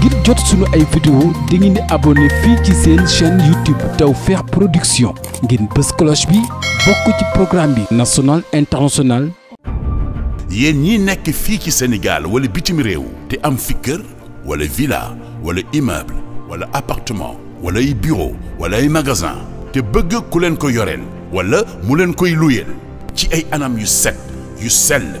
ngir jot sunu ay vidéo di ngeen di fii ci seen chaîne YouTube Tawfekh Production ngeen bës cloche bi bokk ci programme bi national international yéen ñi nekk fii ci Sénégal wala bitim réew te am fi kër wala villa wala immeuble wala appartement wala ay bureau wala ay magasin te bëgg ku leen ko yoreel wala mu leen koy luyeel ci ay anam yu set yu sell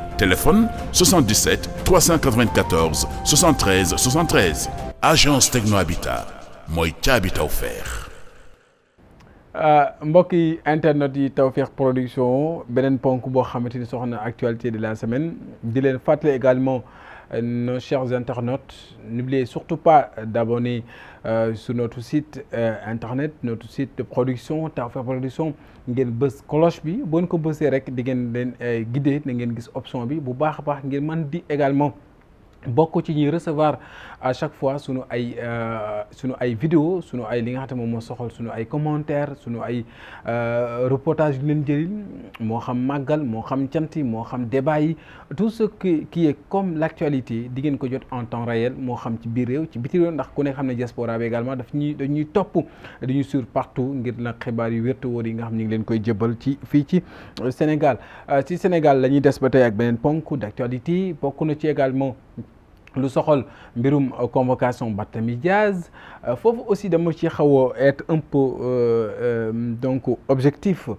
téléphone 77 394 73 73 agence Techno Habitat mooy caabi Tawfekh. Euh, mbokk yi internet yi Tawfekh production beneen ponk boo xamante ni soxna actualité de la semaine di leen fàttali également. Euh, nos chers internautes. N'oubliez surtout pas d'abonner euh, sur notre site euh, internet, notre site de production Tawfekh Production ngeen bës cloche bi bu ngeen ko bësee rek di ngeen leen euh, guider na ngeen gis option bi bu baax a baax ngeen man di également. bokk ci ñuy recevoir à chaque fois sunu ay euh, sunu ay vidéo sunu ay li nga xam moom moo soxal sunu ay commentaire sunu ay euh, reportage yu leen jëriñ moo xam màggal moo xam cant yi moo xam débat yi tout ce qui qui comme l' actualité di ngeen ko jot en temps réel moo xam ci biir réew ci biti réew ndax ku ne xam ne diaspora bi également daf ñuy dañuy topp ñu suivre partout ngir nag xibaar yu wértu wóor yi nga xam ñu leen koy jëbal ci fii ci euh, Sénégal ci Sénégal la des ba tey ak beneen ponk d' actualité bokk na ci lu soxal mbirum convocation Barthélemy Diaz euh, foofu aussi dama ci xaw a être un peu euh, euh, donc objectif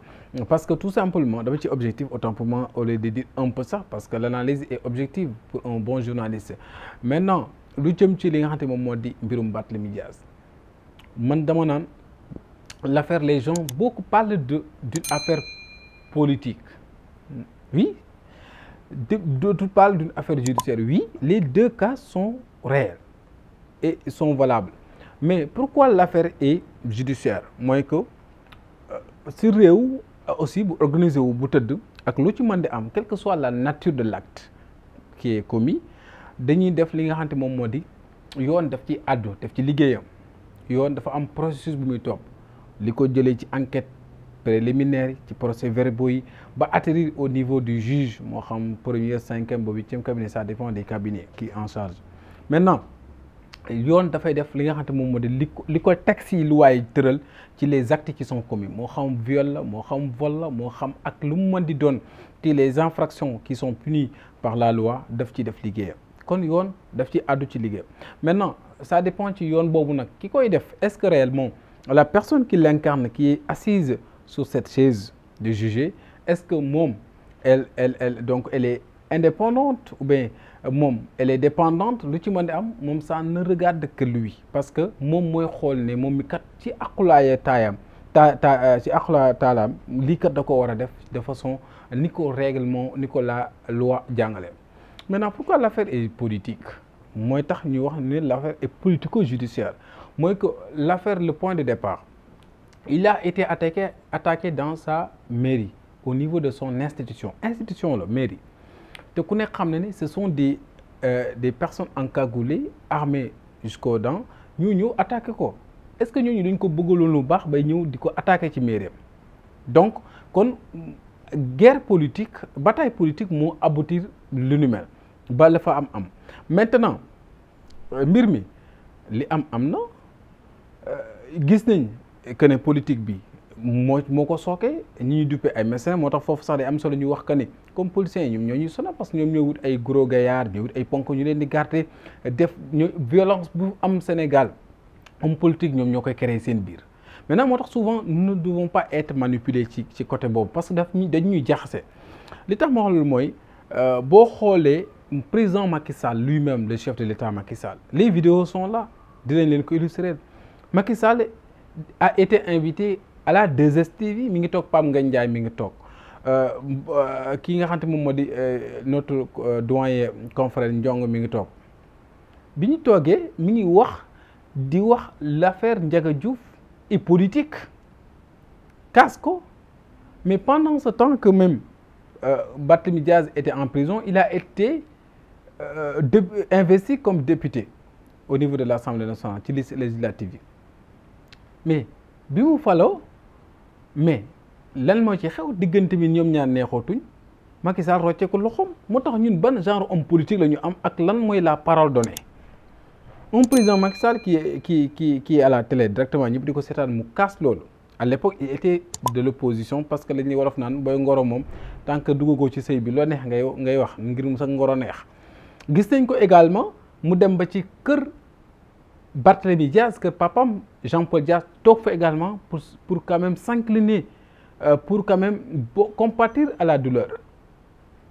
parce que tout simplement dama ci objectif autant pour au lieu de dire un peu sax parce que l'analyse est objective pour un bon journaliste maintenant lu jëm ci li nga xamante moom moo di mbirum Barthélemy Diaz man dama naan l'affaire les gens beaucoup parlent de d'une affaire politique oui tu parles du affaire judiciaire oui les deux cas sont réels et sont valables mais pourquoi l'affaire est judiciaire mooy que euh, si réew aussi bu organisé wu bu tëdd ak lu ci mën di am quelque que soit la nature de l'acte qui est commis dañuy def li nga xamante moom moo di yoon def ci àddu def ci liggéeyam yoon dafa am processus bu muy topp li ko jëlee ci enquête préliminaires yi ci procès verbaux yi ba atterrir au niveau du juge moo xam premier cinquième ba huitième cabinet ça dépend des cabinets qui en charge maintenant yoon dafay def li nga xam te moom moo di li ko li ko taxi yi luwaay tëral ci les actes qui sont commis moo xam viol la moo xam vol la moo xam ak lu mu mën di doon ci les infractions qui son punies par la loi daf ci def liggéeyam kon yoon def ci àddu ci liggéeyam maintenant ça dépend ci yoon boobu nag ki koy def est-ce que réellement sur cette chaise de juger est-ce que moom elle elle elle donc elle est indépendante ou bien euh, moom elle est dépendante lu ci mën di am moom ça ne regarde que lui parce que moom mooy xool ne moom mi kat ci aqulaaya taayam ta ta euh, ci aqulaaya taalaam lii kat da ko war a def de façon ni ko règlement ni ko la loi jàngale maintenant pourquoi l'affaire est politique mooy tax ñu wax ne l'affaire est politico-judiciaire mooy que l'affaire le point de départ il la été attaqué attaqué dans sa mairie au niveau de son institution institution la mairie te ku nekk xam na ne ce sont des euh, des personnes encagoulées armées jusqu'aux dents ñu ñëw attaqué ko est ce que ñooñu dañ ko bëggaloon lu baax bay ñëw di ko attaqué ci mairie donc kon guerre politique bataille politique moo aboutir lu ni mel ba la fa am am maintenant euh, mbir mi li am am na euh, gis nañ que ne politique bi moo moo ko sookee ñi ñuy duppe ay médecins moo tax foofu sax day am solo ñu wax que ne comme policiers ñoom ñoo ñu sonal parce que ñoom ñoo wut ay gros gaillard ñoo wut ay ponk ñu leen di garder def ñu violence bu am Sénégal homme politique ñoom ñoo koy créer seen biir. maintenant moo tax souvent nous ne devons pas être manipulés ci ci côté boobu parce que daf ñuy dañ ñuy jaxase li tax ma wax loolu mooy euh, boo xoolee président Macky Sall lui-même le chef de l'État Macky Sall les vidéos sont là leen ko a été invité à la 2STV mi ngi toog Pape nga Ndiaye mi euh, euh, nga toog kii nga xam te moom moo di euh, notre doyen confrère Ndiongo mi ngi toog bi ñu toogee mi ngi wax di wax la l'affaire Ndiaga Diouf et politique casse ko mais pendant ce temps que même Barthélémy Diaz était en prison il a été investi comme député au niveau de l'Assemblée nationale ci liste législative yi mais bi mu faloo mais lan moo ci xew diggante bi ñoom ñaar neexootuñ Macky Sall rocce ko loxoom moo tax ñun ban genre homme politique la ñu am ak lan mooy la parole donnée un président Macky Sall qui qui qui qui est à la télé directement ñëpp di ko seetaan mu kaas loolu à l'époque il était de l'opposition parce que la ñuy wolof naan booy ngoro moom tant que duggagoo ci sëy bi loo neex ngay ngay wax ngir mu sax ngoro neex gis nañ ko également mu dem ba ci kër Barthélemy Diaz que papam Jean-Paul Diaz toog fa également pour pour quand même s'incliner euh, pour quand même compatir à la douleur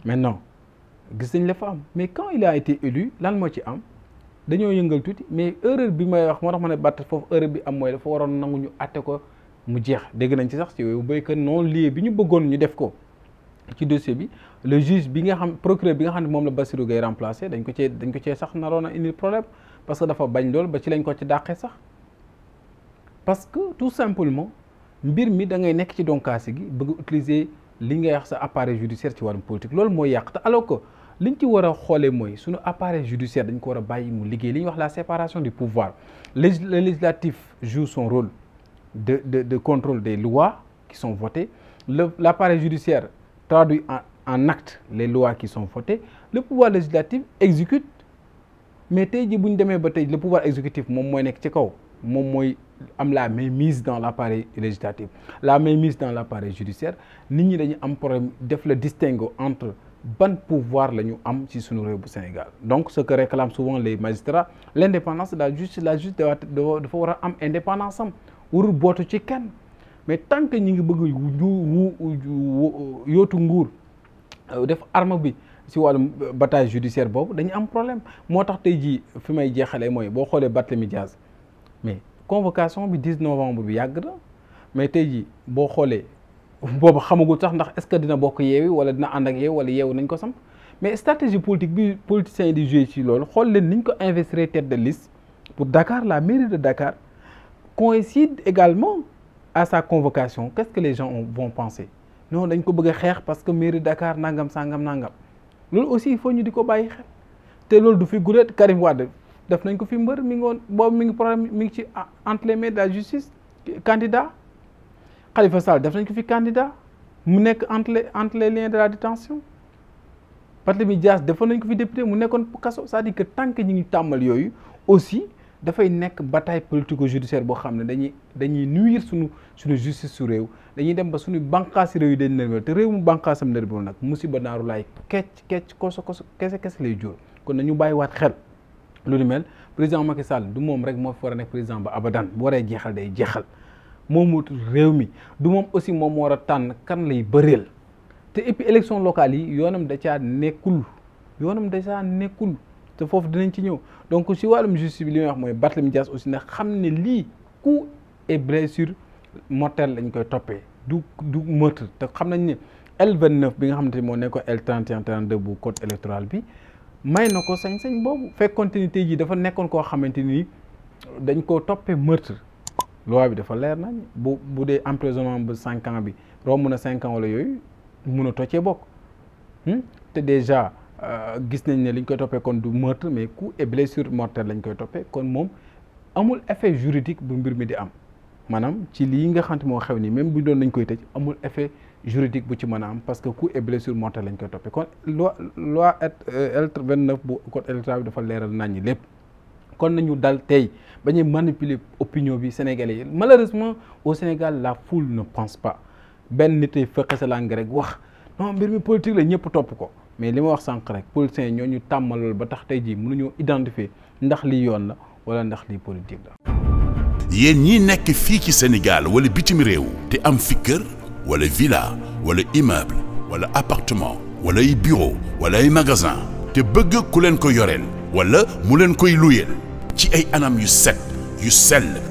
maintenant gis nañ la fa am mais quand il a été élu lan moo ci am dañoo yëngal tuuti mais erreur bi may wax moo tax ma ne Barth foofu erreur bi am mooy dafa waroon nangu ñu àtte ko mu jeex dégg nañ ci sax ci yooyu béykat non lié bi ñu bëggoon ñu def ko ci dossier bi le juge bi nga xam procureur bi nga xam ne moom la Bassirou Gueye remplacé dañ ko cee dañ ko cee sax naroon a indi problème parce que dafa bañ lool ba ci lañ ko ci dàqee sax parce que tout simplement mbir mi da ngay nekk ci donkaasi gi bëgg utiliser li ngay wax sa appareil judiciaire ci wàllum politique loolu mooy yàq te alors que liñ ci war a xoolee mooy suñu appareil judiciaire dañ ko war a bàyyi mu liggéey li ñuy wax la séparation du pouvoir le législatif joue son rôle de de de contrôle des lois qui sont votées le l' appareil judiciaire traduit en en acte les lois qui sont votées le pouvoir législatif exécute mais tey jii bu ñu demee ba tey le pouvoir exécutif moom mooy nekk ci kaw moom mooy am la mainmise dans la l' appareil législatif la mainmise dans l' appareil judiciaire nit ñi dañu am problème def la distinguo entre ban pouvoir la ñu am ci suñu réew bu Sénégal donc ce que réclament souvent les magistrats l' indépendance de la justice la justice dafa war am indépendance am bootu ci kenn mais tant que ñu ngi bëgg yootu nguur def arme bi ci wàllum bataille judiciaire boobu dañu am problème moo tax tey jii fi may jeexalee mooy boo xoolee Barthélémy Dias mais convocation bi 10 novembre bi yàgg na mais tey jii boo xoolee boobu xamagul tax ndax est-ce que dina bokk yeewi wala dina ànd ak yeewi wala yeewu nañ ko sam mais stratégie politique bi politiciens yi di joué ci loolu xool leen niñ ko investir tête de liste pour Dakar la mairie de Dakar coïncide également à sa convocation qu'est-ce que les gens ko bëgg a xeex parce que mairie de nangam sangam nangam loolu aussi foo faut ñu di ko bàyyi xel te loolu du fi guddee Karim Wade def nañ ko fi mbër mi ngi woon boobu mi ngi problème mu ngi ci entre les mains de la justice candidat Khalifa Sall def nañ ko fi candidat mu nekk entre les entre les liens de la détention Barthélémy Dias defoon nañ ko fi député mu nekkoon kaso c'est-à-dire que tant que ñu ngi tàmmal yooyu aussi dafay nekk bataille politico judiciaire boo xam ne dañuy dañuy nuire suñu suñu justice su réew dañuy dem ba suñu bànqaasi réew yi dañ nerveux te réew mu bànqaasam nerveux nag musiba naaru laay kecc kecc koso koso kese kese lay jur kon nañu bàyyiwaat xel lu ni mel président Macky Sall du moom rek moo fi war a nekk président ba abadan bu waree jeexal day jeexal moom moomut réew mi du moom aussi moom war a tànn kan lay bëreel te et puis élection yi yoonam da caa nekkul yoonam da caa nekkul te foofu dinañ ci ñëw donc si wàllum justice bi li wax mooy Barthélémy Dias aussi nag xam ne lii coup et blessure lañ koy toppee du du meurtre te xam nañ ne L29 bi nga xamante ni moo nekkoon L31 32 bu code électoral bi may na ko sañ-sañ boobu fekkonte ni tey jii dafa nekkoon koo xamante ni dañ koo toppee meurtre loi bi dafa leer nañ bu bu dee emprisonnement ba cinq ans bi romb a cinq ans wala yooyu mun a toccee bokk hmm? te déjà Euh, gis nañ ne li ñu koy toppee kon du meurtre mais coup et blessure mortelle lañ koy toppee kon moom amul effet juridique bu mbir mi di am maanaam ci lii nga xamante moo xew nii même bu doon nañ koy tëj amul effet juridique bu ci man a am parce que coup et blessure mortelle lañ koy toppee kon loi loi L 29 euh, bu code dafa leeral nañ ñi lépp. kon nañu dal tey bañuy manipuler opinion bi sénégalais yi malheureusement au Sénégal la foule ne pense pas benn nit ay fëqe sa wax mbir mi politique la ñëpp topp ko. mais li ma wax sànq rek politiciens ñoo ñu tàmmalul ba tax tey jii mënuñoo identifier ndax li yoon la wala ndax li politique la. yéen ñii nekk fii ci Sénégal wala bitim réew te am fi kër wala villa wala immeuble wala appartement wala ay bureau wala ay magasin te bëgg ku leen ko yoreel wala mu leen koy luyeel ci ay anam yu set yu sell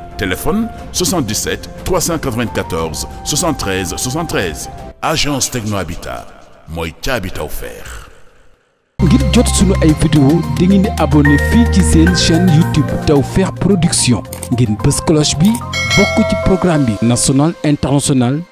téléphone 77 394 73 73 agence Techno Habitat mooy ca Habitat offert. ngir jot sunu ay vidéo di ngeen di abonné fii ci seen chaîne YouTube Tawfekh Production ngeen bës cloche bi bokk ci programme bi national international.